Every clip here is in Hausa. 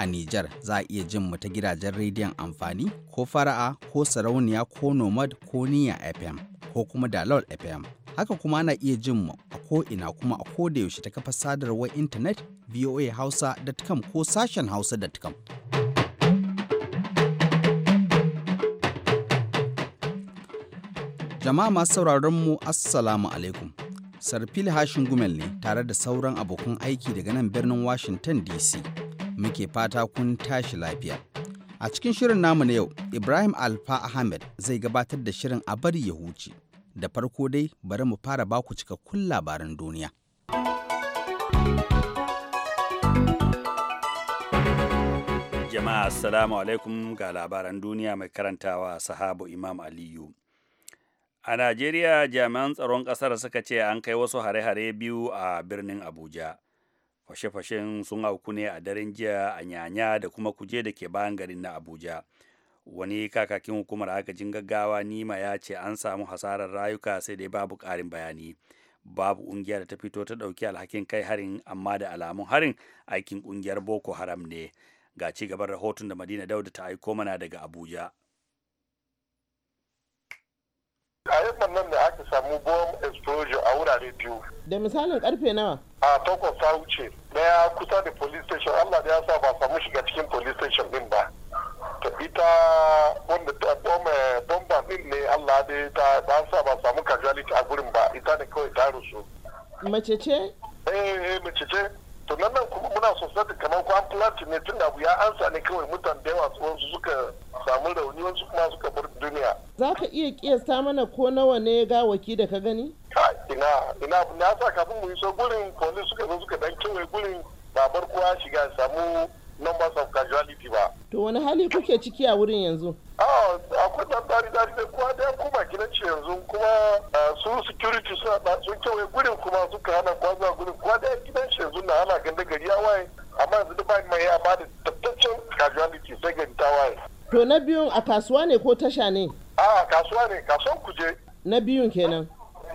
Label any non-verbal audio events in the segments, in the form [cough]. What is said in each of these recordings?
a Nijar za a iya jin mu ta gidajen rediyon amfani ko fara'a ko sarauniya ko nomad ko niya FM ko kuma dalol FM. Haka kuma ana iya jin mu a ko ina kuma a ko da yaushe ta kafa sadarwar intanet voahausa.com ko sashen hausa.com. Jama'a masu sauraron mu Assalamu alaikum. Sarfil Hashin Gumel ne tare da sauran abokan aiki daga nan birnin Washington DC. muke fata kun tashi lafiya. A cikin shirin namu na yau, Ibrahim Alfa Ahmed zai gabatar da shirin a bari ya huce. Da farko dai bari mu fara baku cikakkun labaran duniya. Jama'a Assalamu alaikum ga labaran duniya mai karantawa sahabu Imam Aliyu. A Najeriya jami'an tsaron ƙasar suka ce an kai wasu hare-hare biyu a birnin Abuja. fashe-fashen sun auku ne a daren jiya a nyanya da kuma kuje da ke bayan garin na abuja wani kakakin hukumar agajin gaggawa nima ya ce an samu hasarar rayuka sai dai babu ƙarin bayani babu ƙungiya da ta fito ta ɗauki alhakin kai harin amma da alamun harin aikin ƙungiyar boko haram ne ga ci gaban rahoton da madina dauda ta aiko mana daga abuja a yamman nan da aka samu bomb explosion a wurare biyu da misalin karfe nawa a takwas ta wuce daya kusa da police station allah da ya sa ba samu shiga cikin police station din ba ita wanda ta eh, bomba din ne allah da ta ba sa ba samu casualty a gurin ba ita ne kawai ta rusu mace ce eh eh mace ce to nan nan kuma muna sosai kamar ko an plant ne tun da abu ya ansa ne kawai mutan da yawa su suka samu rauni wasu kuma suka bar duniya. Za ka iya kiyasta mana ko nawa ne gawaki da ka gani? Ina, ina, na sa kafin mu iso gurin polis suka zo suka dan kewaye gurin babar kowa shiga samu numbers of casualty ba. To wani hali kuke ciki a wurin yanzu? akwai dan dari dari da kuma da kuma gidanci yanzu kuma su security suna da sun kewaye gurin kuma suka hana kwazo gurin kowa da gidanci yanzu na hana ganda gari ya waye amma yanzu duk mai ya bada tabbacin casualty sai gari ta waye. To na biyun a kasuwa ne ko tasha ne? A kasuwa ne, kasuwan kuje. Na biyun kenan.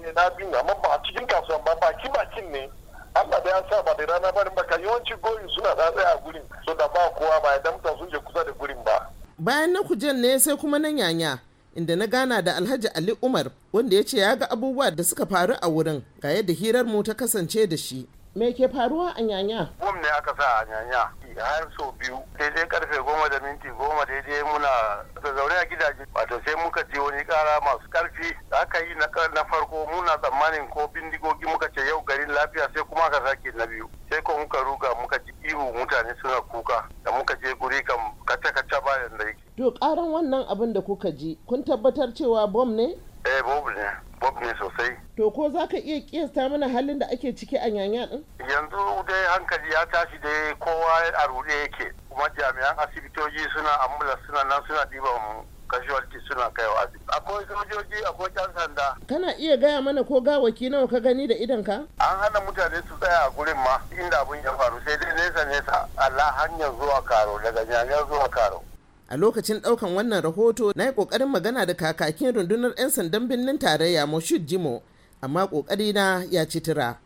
Eh, na biyun amma ba a cikin kasuwan ba baki bakin ne. Allah da ya sa ba da rana barin baka yawanci goyin suna da a gurin so da ba kowa ba ya damta sun je kusa da gurin ba. Bayan na kujen ne sai kuma nan yanya. Inda na gana da Alhaji Ali Umar wanda ya ce ya ga abubuwa da suka faru a wurin ga yadda hirar mu ta kasance da shi. me ke faruwa a nyanya bom ne aka sa a nyanya har sau biyu daidai karfe goma da minti goma daidai muna da zaune a gidaje wato sai muka ji wani kara masu karfi da aka yi na farko muna tsammanin ko bindigogi muka ce yau garin lafiya sai kuma aka sake na biyu sai ko muka ruga muka ji ihu mutane suna kuka da muka je guri kan kace-kace bayan da yake to karan wannan abin da kuka ji kun tabbatar cewa bom ne eh bob ne bob ne sosai to ko za ka iya kiyasta mana halin da ake ciki a yanya din yanzu dai hankali ya tashi dai kowa a rude yake kuma jami'an asibitoji suna ambulance suna nan suna diban casualty suna kai wa asibiti akwai sojoji akwai yan sanda kana iya gaya mana ko gawaki nawa ka gani da idan ka an hana mutane su tsaya a gurin ma inda abun ya faru sai dai nesa nesa Allah hanyar zuwa karo daga yanya zuwa karo a lokacin daukan wannan rahoto na yi kokarin magana da kakakin rundunar 'yan sandan birnin tarayya moshid jimo amma kokari na ya ci tura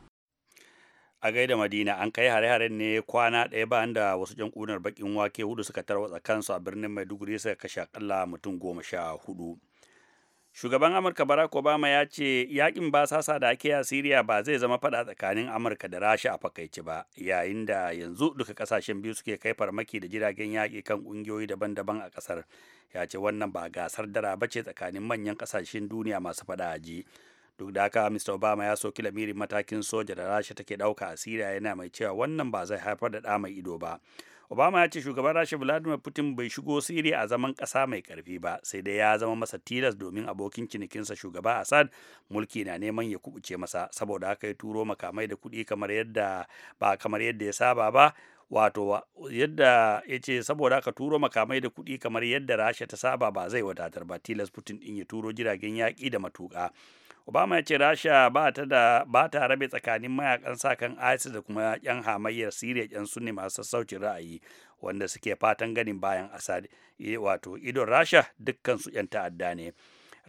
a gaida madina an kai hare-haren ne kwana ɗaya bayan da wasu jan bakin wake hudu suka tarwatsa kansu a birnin maiduguri suka kashe akalla mutum goma sha hudu shugaban amurka barack obama ya ce yakin basasa da ake a siriya ba zai zama fada tsakanin amurka da rasha a fakaici ba yayin da yanzu duka kasashen biyu suke kai farmaki da jiragen yaƙi kan ƙungiyoyi daban-daban a ƙasar ya ce wannan ba gasar dara ba ce tsakanin manyan ƙasashen duniya masu fada ji duk da haka mr obama ya soki lamirin matakin soja da rasha take ɗauka a siriya yana mai cewa wannan ba zai haifar da ɗa mai ido ba obama ya ce shugaban rasha vladimir putin bai shigo sirri a zaman ƙasa mai ƙarfi ba sai dai ya zama masa tilas domin abokin cinikinsa shugaba assad mulki na neman ya kubuce masa saboda haka ya turo makamai da kuɗi kamar yadda ba kamar yadda ya saba ba wato yadda ya ce saboda aka turo makamai da kuɗi kamar yadda rasha ta saba ba zai wadatar ba tilas putin ɗin ya turo jiragen yaƙi da matuƙa obama ya ce rasha ba ta da ba ta rabe tsakanin mayakan sa kan isis da kuma yan hamayyar syria yan sunni masu sassauci ra'ayi wanda suke fatan ganin bayan assad eh, wato idon rasha dukkan su yan ta'adda ne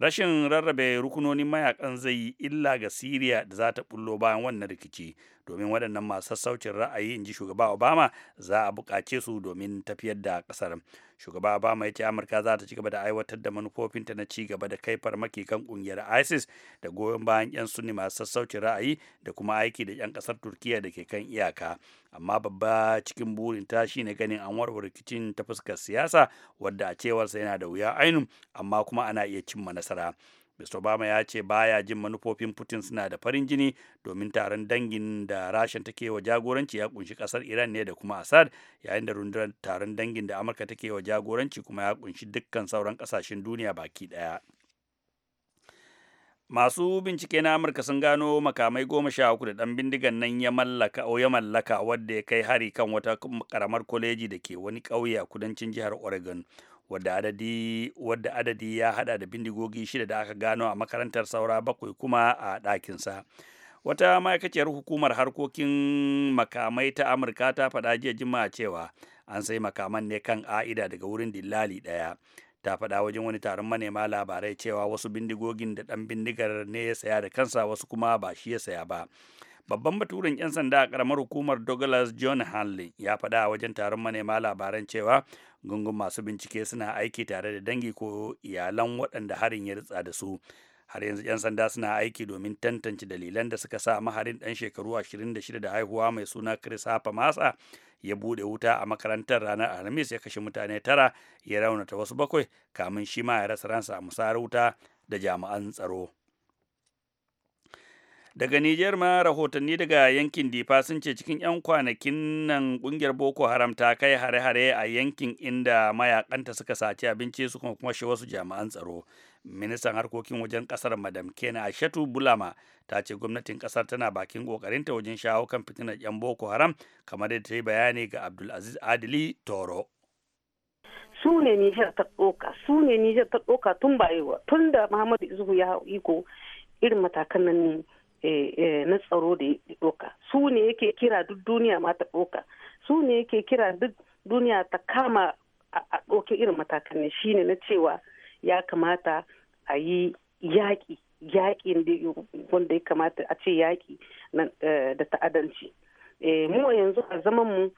rashin rarrabe rukunonin mayakan zai yi illa ga syria da za ta bullo bayan wannan rikici domin waɗannan masu sassaucin ra'ayi in ji shugaba obama za a buƙace su domin tafiyar da ƙasar shugaba obama ya ce amurka za ta ci gaba da aiwatar da manufofinta na ci gaba da kai farmaki kan ƙungiyar isis da goyon bayan 'yan sunni masu sassaucin ra'ayi da kuma aiki da 'yan ƙasar turkiya da ke kan iyaka amma babba cikin burinta shine ganin an warware rikicin ta fuskar siyasa wadda a cewarsa yana da wuya ainun amma kuma ana iya cimma nasara mr obama ya ce baya jin manufofin putin suna da farin jini domin taron dangin da rashin take wa jagoranci ya kunshi kasar iran ne da kuma assad yayin da rundunar taron dangin da amurka take wa jagoranci kuma ya kunshi dukkan sauran kasashen duniya baki daya masu bincike na amurka sun gano makamai goma sha uku da ɗan bindigan nan ya mallaka ya mallaka wadda ya kai hari kan wata karamar kwaleji da ke wani ƙauye a kudancin jihar oregon wadda adadi ya hada da bindigogi shida da aka gano a makarantar saura bakwai kuma a ɗakinsa wata ma'aikaciyar hukumar harkokin makamai ta amurka ta faɗa jiya juma'a cewa an sai makaman ne kan a'ida daga wurin dillali ɗaya ta faɗa wajen wani taron manema labarai cewa wasu bindigogin da ɗan bindigar ne ya saya da kansa wasu kuma ba shi ya saya ba babban baturin 'yan sanda a karamar hukumar douglas john hanley ya faɗa a wajen taron manema labaran cewa gungun masu bincike suna aiki tare da dangi ko iyalan waɗanda harin ya ritsa da su har yanzu 'yan sanda suna aiki domin tantance dalilan da suka sa maharin ɗan shekaru 26 da haihuwa mai suna chris hafa masa ya bude wuta a makarantar ranar alhamis ya kashe mutane tara ya raunata wasu bakwai kamin shi ma ya rasa ransa a musayar wuta da jami'an tsaro daga Nijar ma rahotanni daga yankin Difa sun ce cikin 'yan kwanakin nan ƙungiyar Boko Haram ta kai hare-hare a yankin inda mayakanta suka saci abinci su kuma kuma wasu jami'an tsaro. Ministan harkokin wajen kasar Madam Kena Ashatu Bulama ta ce gwamnatin kasar tana bakin kokarinta wajen shawo kan fitinar 'yan Boko Haram kamar da ta yi bayani ga abdul aziz Adili Toro. su ne Nijar ta ɗoka su ne Nijar ta ɗoka tun bayewa tun da Muhammadu Izuhu ya iko irin matakan nan ne Eh, eh, na tsaro da ya doka su ne yake kira duk duniya ma ta doka su ne yake kira duk duniya ta kama a ɗauke irin matakan ne shine na cewa ya kamata a yi yaƙi yaƙi wanda ya kamata a ce yaƙi eh, da ta'adanci mu yanzu a zaman mu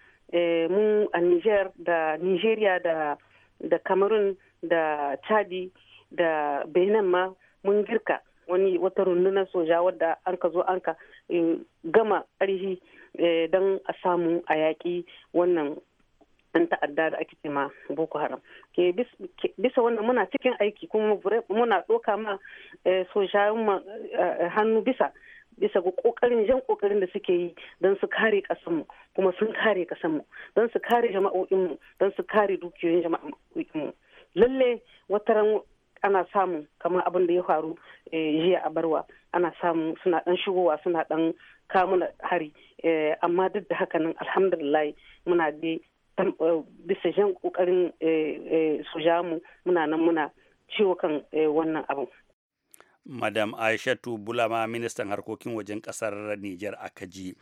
mu a niger da nigeria da da cameroon da chadi da benin ma mun girka wani wata rundunar soja wadda an ka zo an ka eh, gama ƙarfi eh, don a samu a yaƙi wannan an ta'adda da ake ma boko haram ke bisa wannan muna cikin aiki kuma muna ɗoka ma eh, soja hannu bisa bisa ga kokarin jan kokarin da suke yi don su kare kasanmu kuma sun kare kasanmu don su kare jama'o'inmu don su kare dukiyoyin jama'o'inmu lalle wataran ana samun kamar abin da ya faru eh, jiya a barwa ana samun suna dan shigowa suna dan kamuna hari eh, amma duk da haka nan alhamdulillah muna da eh, bisa jan kokarin mu muna nan muna ciwo kan wannan abin madam aishatu bulama ministan harkokin wajen kasar niger akaji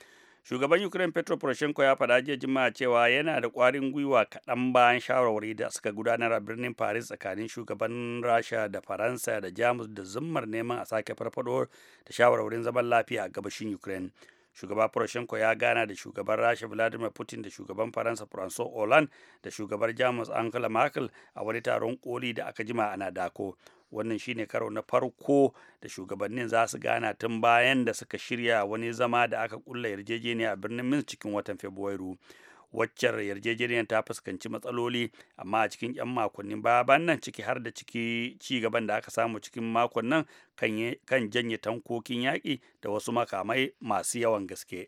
shugaban ukraine petro poroshenko ya faɗa jiya juma'a cewa yana da ƙwarin gwiwa kaɗan bayan shawarwari da suka gudanar a birnin paris tsakanin shugaban rasha da faransa da jamus da zummar neman a sake farfado da shawarwarin zaman lafiya a gabashin ukraine shugaba poroshenko ya gana da shugaban rasha vladimir putin da shugaban faransa francois hollande da shugabar jamus angela merkel a wani taron koli da aka jima ana dako wannan shine karo na farko da shugabannin za su gana tun bayan da suka shirya wani zama da aka kulla yarjejeniya a birnin minsk cikin watan fabrairu waccar yarjejeniyar ta fuskanci matsaloli amma a cikin 'yan makonnin a nan ciki har da ciki ci gaban da aka samu cikin makon nan kan janye tankokin yaƙi da wasu makamai masu yawan gaske.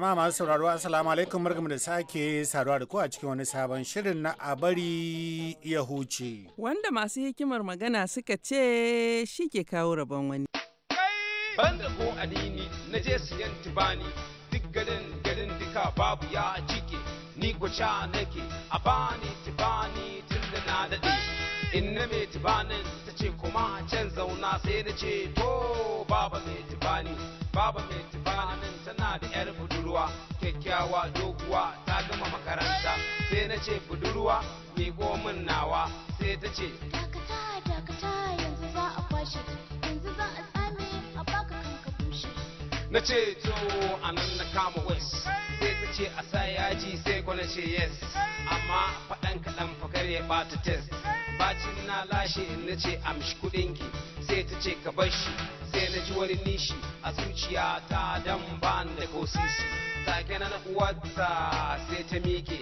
Jama'a masu sauraro Assalamu alaikum barkamu da sake saduwa da ku a cikin wani sabon shirin na abari ya huce. Wanda masu hikimar magana suka ce shi ke kawo rabon wani. Banda ko adini na je siyan tubani duk garin garin duka babu ya cike ni sha nake a bani tubani tun da na daɗi. In na mai tubanin ta ce kuma can zauna sai na ce to baba mai tubani baba mai tubanin tana da 'yar budurwa kyakkyawa doguwa ta gama makaranta sai na ce budurwa mai komin nawa sai ta ce dakata dakata yanzu za a kwashe yanzu za a tsame a baka kanka bushe na ce to a nan na kama west sai ta ce a sa yaji sai ko na yes amma faɗan kaɗan fakar ya bata test bacin na lashe na ce amshi ki sai ta ce ka bar shi sai na ji wani nishi a zuciya ta dan ban da ko sisi take na uwarta sai ta mike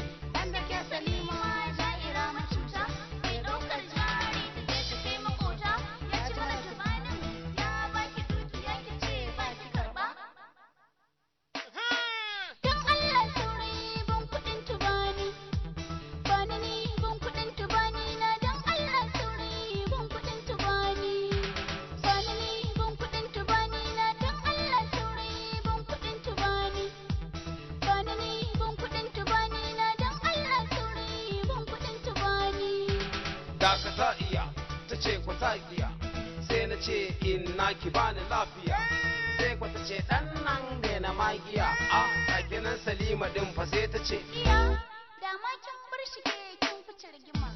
ce inna ki bani lafiya sai kwata ce dan nan ne na magiya a gidan salima din fa sai ta ce da ma kin bar ke kin fice rigima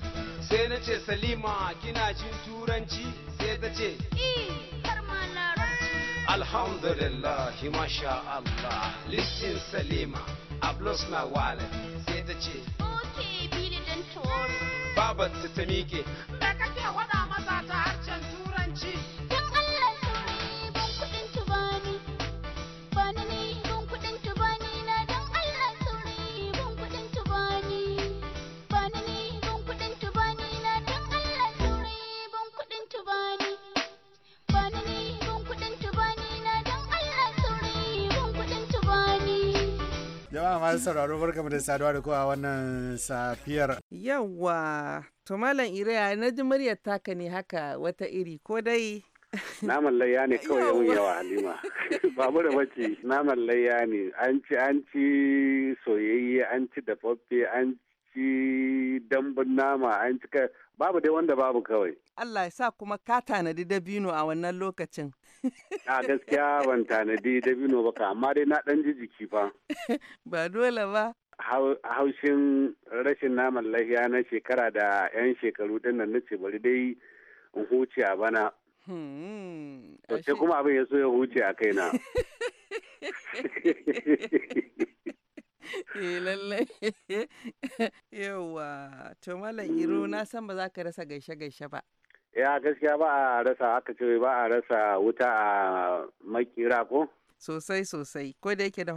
sai na ce salima kina jin turanci sai ta ce eh har ma ranci alhamdulillah masha Allah listen salima a lost my wallet sai ta ce okay bi ni dan baba ta ta mike da kake wada Jama'a masu sauraro barkamu da saduwa da kowa wannan safiyar. Yawwa, to Malam Iriya na ji muryar taka ne haka wata iri ko dai naman layya ne kawai yawan yawa halima [laughs] babu da mace naman layya ne an ci an ci soyayye an ci dafaffe an ci dambun nama an cika babu dai wanda babu kawai. Allah ya sa kuma ka tanadi dabino a wannan lokacin. [laughs] A gaskiya ban tanadi dabino ba ka amma dai na ɗan ji jiki fa. [laughs] Ba dole ba. Haushin rashin naman lahiya na shekara da 'yan shekaru ɗin nan nace bari dai in huce a bana. Hmm, to kuma abin ya so ya huce a kaina. [laughs] eh lallai [laughs] yawa to malam iro na san ba za ka rasa gaishe gaishe ba ya gaskiya ba a rasa aka ce ba a rasa wuta a makira ko sosai sosai ko da yake da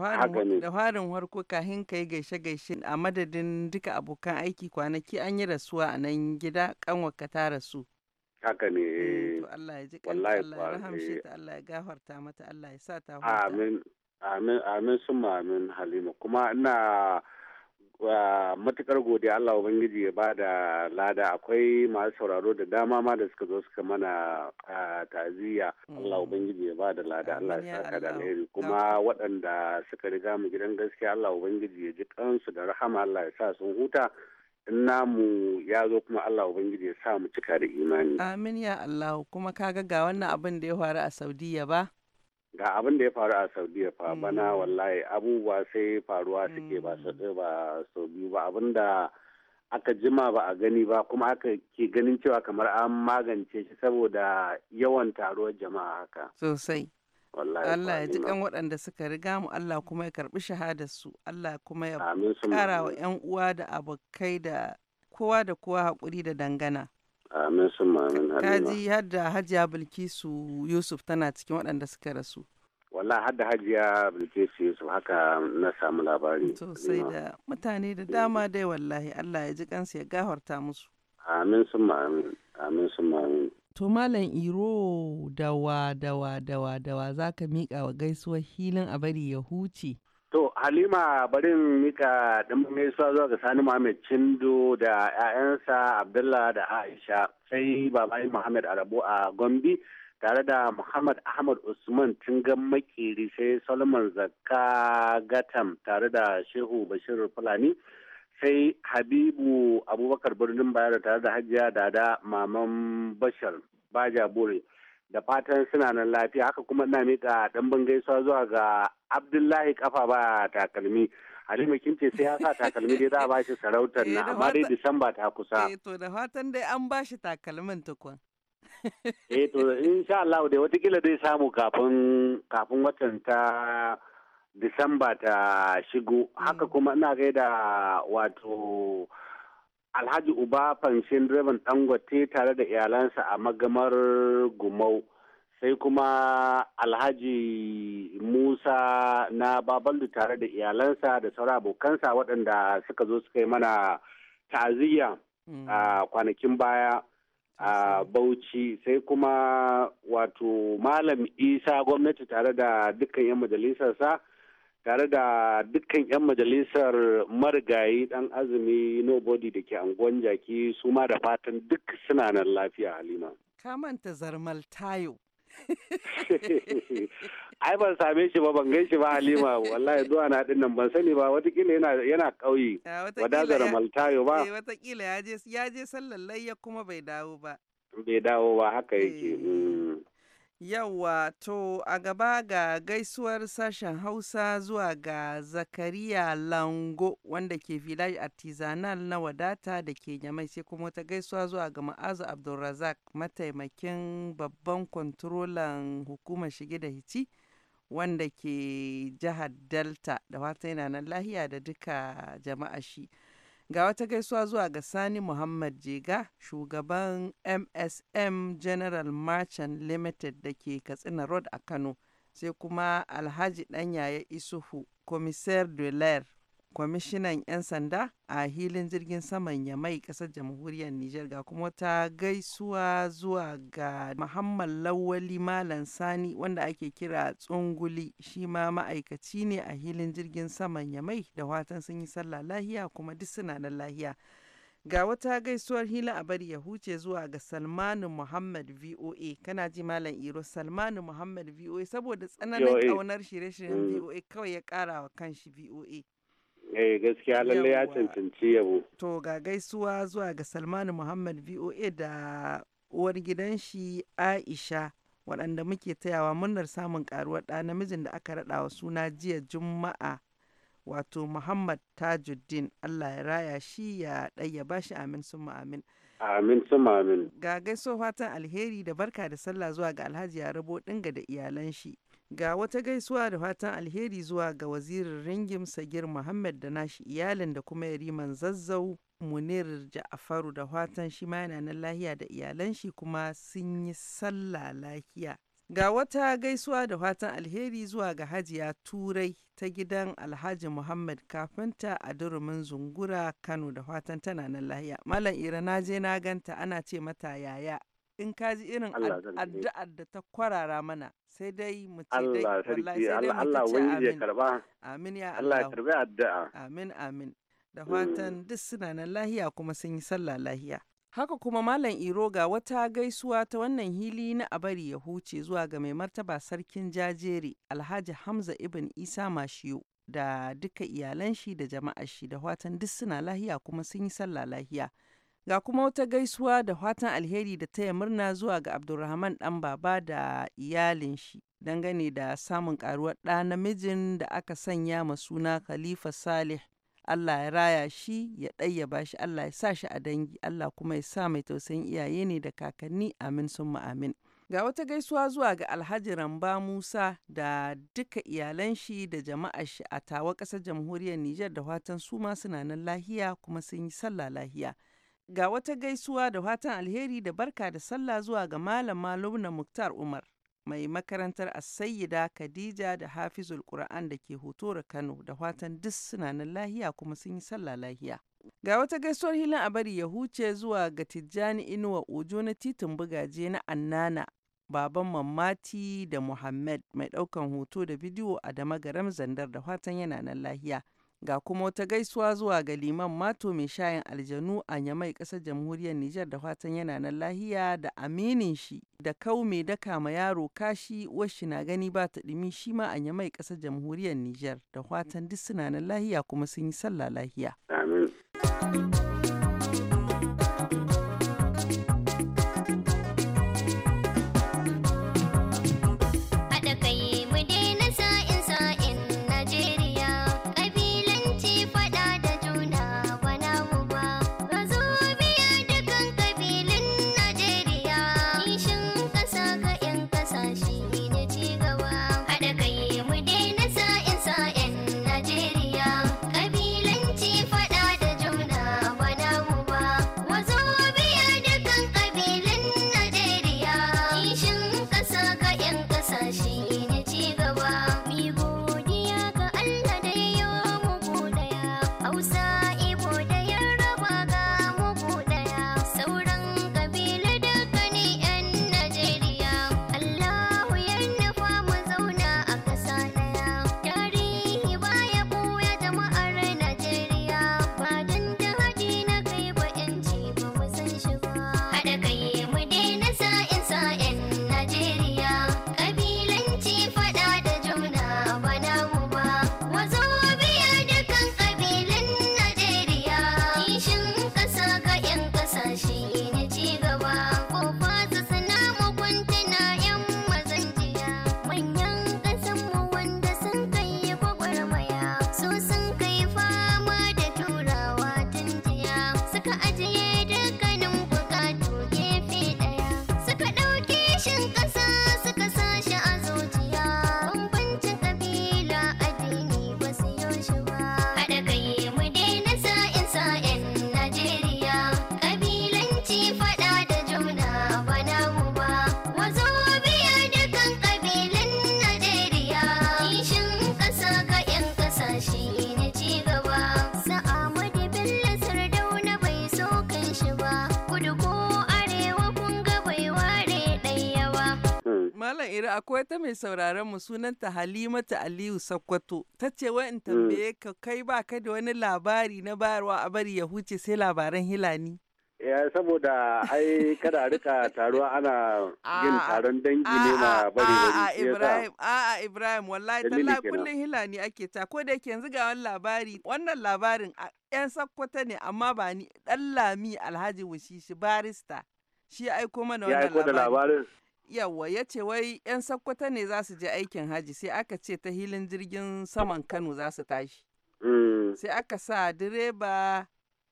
harin harko kahin ka yi gaishe gaishe a madadin duka abokan aiki kwanaki an yi rasuwa a nan gida ka ta rasu haka ne eh, Allah ya ji Allah ya rahamshe eh. ta Allah ya gafarta mata Allah ya sa ta huta amin Amin amin sun amin Halima kuma ina matukar godiya Allah Ubangiji ya ba da lada akwai masu sauraro da dama ma da suka zo suka mana taziya Allah mm. Ubangiji ya ba da lada Allah ya saka da alheri kuma waɗanda suka riga mu gidan gaskiya Allah Ubangiji ya ji kansu da rahama Allah ya sa sun huta in namu ya zo kuma Allah Ubangiji ya sa mu cika da imani amin ya Allah kuma kaga ga wannan abin da ya faru a Saudiya ba ga abin da ya faru a saudiya fa mm. bana wallahi abubuwa sai faruwa suke ba mm. ba sau biyu ba abin da aka jima ba a gani ba kuma aka ke ganin cewa kamar an magance shi saboda yawan taruwar jama'a haka sosai Allah ya ji kan waɗanda suka riga mu Allah kuma ya karbi shahadar su Allah kuma ya ƙara wa 'yan uwa da abokai da kowa da kowa haƙuri da dangana Amin sun mamin halima. Kaji hadda Hajiya Bilkisu Yusuf tana cikin waɗanda suka rasu. Wallah hadda Hajiya Bilkisu Yusuf haka na samu labari. Sosai da mutane da dama dai wallahi Allah ya ji kansu ya gafarta musu. Amin sun mamin. Amin sun mamin. To Malam Iro dawa dawa dawa dawa za ka miƙa wa gaisuwar hilin a bari ya huce. Halima barin mika ɗan gaisuwa zuwa ga Sani Muhammad Cindo da 'ya'yansa Abdullah da Aisha sai babayi Muhammad Arabo a Gombe tare da Muhammad Ahmad Usman Tingan Makeri sai Solomon Zakka Gatam tare da Shehu Bashir Fulani sai Habibu Abubakar Birnin bayar tare da Hajiya Dada Maman Bashar Baja bure da fatan suna nan lafiya haka kuma ina mika ɗan gaisuwa zuwa ga abdullahi kafa ba takalmi halima kin ce sai ya sa takalmi dai za a bashi sarautar na eh, amma dai disamba ta kusa eh to da fatan dai an bashi takalmin tukun [laughs] eh to insha Allah dai watakila dai samu kafin kafin watan ta disamba ta shigo haka mm. kuma ina gaida wato alhaji uba fanshin direban dangote tare da iyalansa a magamar gumau sai kuma alhaji musa na baballu tare da iyalansa da sauran abokansa waɗanda suka zo suka yi mana ta'aziyya mm. a kwanakin baya a bauchi sai kuma wato malam isa gwamnati tare da dukkan 'yan majalisarsa tare da dukkan 'yan majalisar marigayi dan azumi nobody da ke angon jaki su ma da fatan duk suna nan lafiya halima ka manta zarmal tayo ai ban same shi ba ban gaishe ba halima wallahi zuwa na din nan ban sani ba watakila yana yana kauye ah, wadazar maltayo ba eh, watakila ya je sallan layya kuma bai dawo ba bai dawo ba haka yake eh. mm. Yawwa to a gaba ga gaisuwar sashen Hausa zuwa ga Zakariya Lango wanda ke village artisanal na wadata da ke nyamai sai kuma ta gaisuwa zuwa ga Ma'azu Abdulrazak mataimakin babban kwantrolan hukumar shige da hici wanda ke jihar Delta da wata yana nan lahiya da duka jama'a shi. Ga wata gaisuwa zuwa ga Sani Muhammad Jega, shugaban MSM General Merchant Limited da ke Katsina Road a Kano, sai kuma Alhaji Ɗanyaya Isuhu, Commissaire de l'air kwamishinan 'yan sanda a hilin jirgin saman yamai kasar jamhuriyar Nijar ga kuma ta gaisuwa zuwa ga Muhammad Lawali Malam Sani wanda ake kira Tsunguli shi ma ma'aikaci ne a hilin jirgin saman yamai da watan sun yi sallah lahiya kuma duk suna na lahiya. Ga wata gaisuwar hila a bari ya huce zuwa ga Salmanu Muhammad VOA. Kana ji Malam Iro Salmanu Muhammad VOA saboda tsananin kaunar shirye-shiryen mm. VOA kawai ya kara wa kanshi VOA. eh gaskiya lalle ya cancanci yabo to ga gaisuwa zuwa ga salmanu muhammad voa da uwar gidan shi aisha waɗanda muke tayawa murnar samun karuwar ɗa namijin da aka wa suna jiya juma'a wato muhammad tajuddin allah ya raya shi ya ɗaya ba shi amin sun amin Amin sun amin. Ga gaisuwa fatan alheri da barka da sallah zuwa ga Alhaji ya rabo ɗinga da iyalan shi Ga wata gaisuwa da fatan alheri zuwa ga wazirin Ringim Sagir Muhammad da nashi iyalin da kuma yariman zazzau Munir Ja'afaru da fatan shi ma yana nan lahiya da iyalan shi kuma sun yi sallah lahiya. Ga wata gaisuwa da fatan alheri zuwa ga Hajiya Turai ta gidan Alhaji Muhammad Kafinta a durumin Zungura Kano da fatan tana nan lahiya. Malam Ira na je na ganta ana ce mata yaya in ka ji irin addu'ar da ta kwarara mana sai dai mu ce dai Allah sarki ya karba amin ya Allah ya karbi addu'a amin amin da hmm. fatan duk suna nan lahiya kuma sun yi sallah lahiya Haka kuma Malam Iro ga wata gaisuwa ta wannan hili na abari ya huce zuwa ga mai martaba sarkin jajeri Alhaji Hamza Ibn Isa Mashiyo da duka iyalan shi da jama'ar shi da fatan duk suna lahiya kuma sun yi sallah lahiya. Ga kuma wata gaisuwa da fatan alheri da taya murna zuwa ga Abdulrahman ɗan baba da iyalin shi dangane da samun karuwar ɗa namijin da aka sanya ma suna Khalifa Salih. Allah ya raya shi ya ɗayyaba shi Allah ya sa shi a dangi Allah kuma ya sa mai tausayin iyaye ne da kakanni amin summa amin. Ga wata gaisuwa zuwa ga Alhaji Ramba Musa da duka iyalan shi da jama'ar shi a tawa ƙasar jamhuriyar Nijar da watan su ma suna nan lahiya kuma sun yi sallah lahiya. Ga wata gaisuwa da fatan alheri da barka da sallah zuwa ga Malama Lubna Muktar Umar. mai makarantar Asayida Khadija da Hafizul Qur'an da ke da Kano da fatan duk suna nan lahiya kuma sun yi sallah lahiya. Ga wata gaisuwar hilin a bari ya huce zuwa ga Tijjani Inuwa Ojo na titin bugaje na Annana baban Mammati da Muhammad mai ɗaukan hoto da bidiyo a dama garam Zandar da fatan yana nan lahiya. Ga kuma wata gaisuwa zuwa ga Liman Mato mai shayin aljanu a Nyamai kasar jamhuriyar Nijar da fatan yana nan lahiya da aminin shi da kau mai daka ma yaro kashi washi na gani ba ta ɗumi shi ma a Nyamai kasar jamhuriyar Nijar da fatan duk suna nan lahiya kuma sun yi sallah lahiya. Amin. akwai ta mai sauraron mu sunanta Halimatu Aliyu Sakkwato. Ta ce wai in mm. tambaye ka kai ba ka da wani labari na bayarwa a bari ya huce sai labaran Hilani. ya saboda ai kada a rika taruwa ana yin taron dangi ne ma bari bari Ibrahim a Ibrahim wallahi tallahi kullun hilani ake ta ko da yake yanzu ga wani labari wannan labarin yan sakkwata ne amma ba ni dan lami Alhaji Wushishi barista shi aiko mana wannan labarin yawa ya ce wai 'yan sakkwata ne za su je aikin haji sai aka ce ta hilin jirgin saman kano za su tashi mm. sai aka sa direba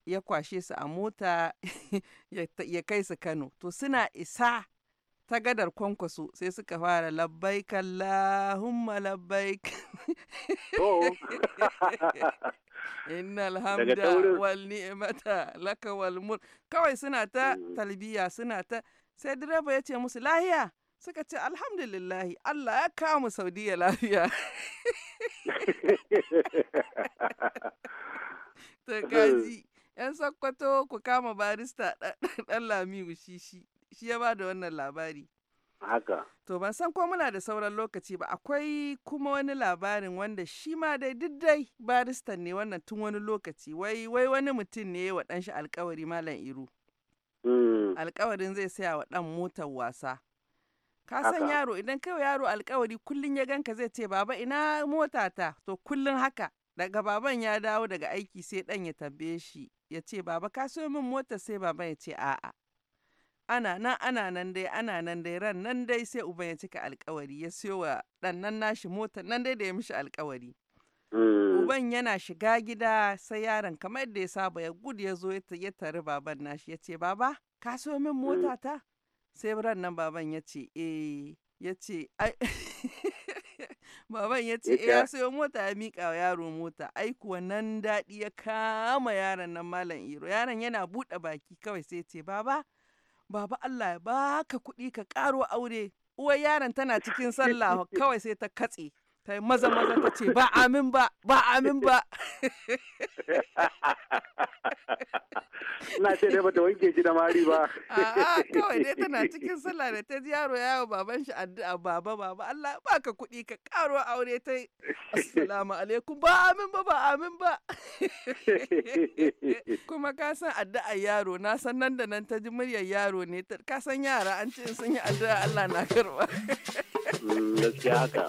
ya kwashe su a mota [laughs] ya kai su kano to suna isa ta gadar kwankwaso sai suka fara labbai kallahumma labbai [laughs] inna alhamda wal ni'mata laka wal mulk kawai suna ta mm. talbiya suna ta sai direba ya ce musu lahiya suka ce alhamdulillahi Allah ya kawo mu saudiya lafiya [laughs] ta kaji yan sakkwato ku kama barista dan [laughs] lami shi shi ya ba da wannan labari haka to ban san ko muna da sauran lokaci ba akwai kuma wani labarin wanda shi ma dai diddai baristan ne wannan tun wani lokaci wai wani mutum ne ya yi wa shi alkawari malam iru Mm. alkawarin zai saya wa ɗan motar wasa. Ka san yaro idan kai yaro alkawari kullum ya ganka zai ce baba ina motata to kullum haka daga baban ya dawo daga aiki sai ɗan ya tambaye shi ya ce baba ka so min mota sai baban ya ce a'a. ana nan ana nan dai ana nan dai ran nan dai sai uban ya cika alkawari ya siyo wa dan nan nashi mota nan dai da ya mishi alkawari mm. uban yana shiga gida sai yaron kamar yadda ya saba ya gudu ya zo ya tari baban nashi ya ce baba ka so min mm. mota ta sai ran nan baban ya ce eh ya ce ai [laughs] baban ya ce eh, ya sayo mota ya mika wa yaro mota ai kuwa nan daɗi ya kama yaron nan malam iro yaron yana buɗe baki kawai sai ce baba baba Allah ya baka kuɗi ka karo aure uwar yaron tana cikin sallah [laughs] kawai sai ta katse ta yi maza maza ta ce ba amin ba ba amin ba na ce dai ta wanke shi da mari ba a'a kawai dai tana cikin sallah da ta ji yaro yi baban shi addu'a baba baba Allah ka kuɗi ka karo aure ta yi. assalamu alaikum ba amin ba ba amin ba [laughs] kuma ka san addu'ar yaro na san nan da nan ta ji muryar yaro ne ka san yara an ce sun yi addu'a Allah na karba mm, gaskiya haka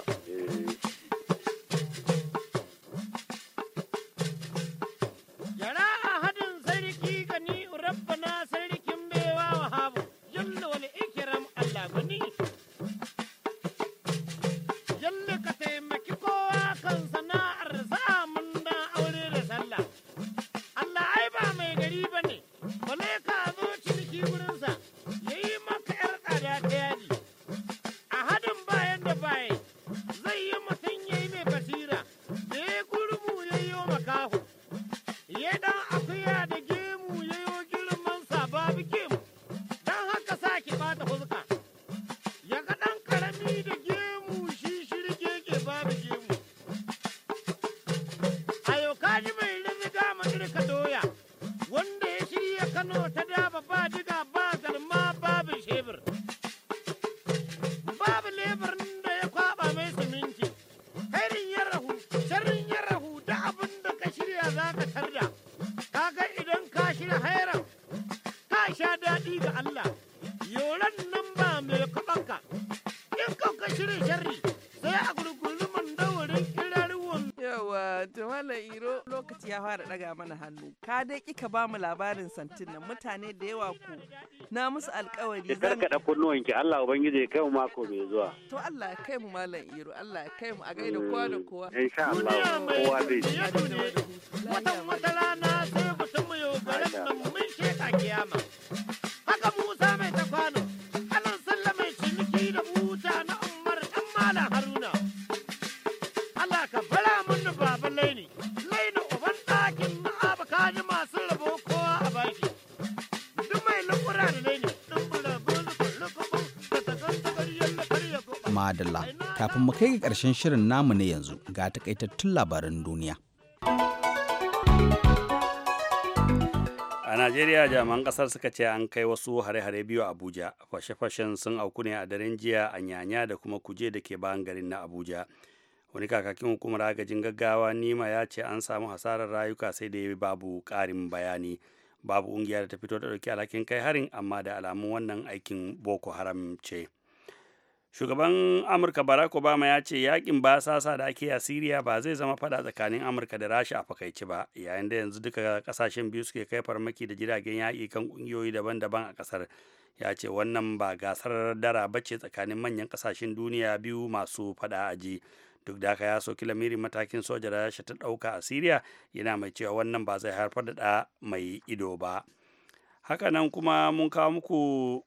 shirka doya wanda ya shirya Kano ta dama. hannu ka dai kika ba mu labarin santin nan mutane da yawa ku na musu alkawari zan eh, karkada kunnuwan ki Allah ubangiji ya kai mu mako mai zuwa to Allah ya kai mu mallan Iro Allah ya kai mu a gaida eh, kowa da kowa insha Allah kowa zai ji wata rana sai mutum yo garin nan mun ta kiyama haka Musa mai ta kwano anan sallah mai miki da buta na Umar dan malam Haruna Allah ka fara mun baban laini laini masu kowa Madalla, kafin mu kai ga ƙarshen shirin namu na yanzu ga takaitattun labaran duniya. A Najeriya jami'an ƙasar suka ce an kai wasu hare-hare biyu a Abuja, fashe-fashen sun auku ne a daren jiya a Nyanya da kuma kuje da ke bayan garin na Abuja. wani kakakin hukumar agajin gaggawa nima ya ce an samu hasarar rayuka sai da ya babu karin bayani babu ƙungiya da ta fito da ɗauki alhakin kai harin amma da alamun wannan aikin boko haram ce shugaban amurka barack obama ya ce yakin basasa da ake a siriya ba zai zama fada tsakanin amurka da rasha a fakaici ba yayin da yanzu duka kasashen biyu suke kai farmaki da jiragen yaƙi kan ƙungiyoyi daban-daban a ƙasar ya ce wannan ba gasar dara bace tsakanin manyan ƙasashen duniya biyu masu fada aji duk da haka ya soki lamirin matakin soja da rasha ta ɗauka a siriya yana mai cewa wannan ba zai haifar da da mai ido ba haka nan kuma mun kawo muku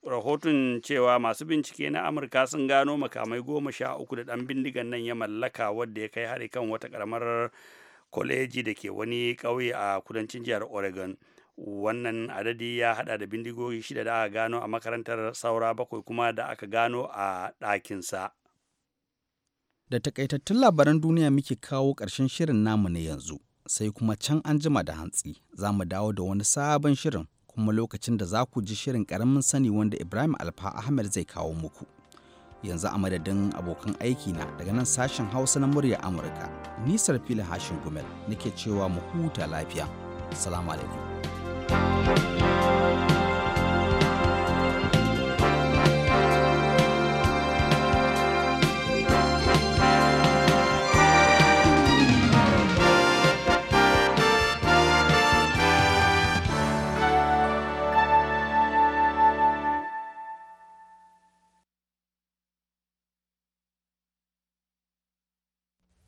rahoton cewa masu bincike na amurka sun gano makamai goma sha uku da ɗan bindigan nan ya mallaka wadda ya kai hari kan wata karamar kwaleji da ke wani ƙauye a kudancin jihar oregon wannan adadi ya hada da bindigogi shida da aka gano a makarantar saura bakwai kuma da aka gano a ɗakinsa Da takaitattun labaran duniya muke kawo ƙarshen shirin namu na yanzu, sai kuma can an jima da hantsi za mu dawo da wani sabon shirin kuma lokacin da za ku ji shirin ƙaramin sani wanda Ibrahim Alfa Ahmed zai kawo muku. Yanzu a madadin abokan aiki na daga nan sashen Hausa na murya Amurka, nisar fili hashin gumel nake cewa mu huta lafiya. Salamu alaikum.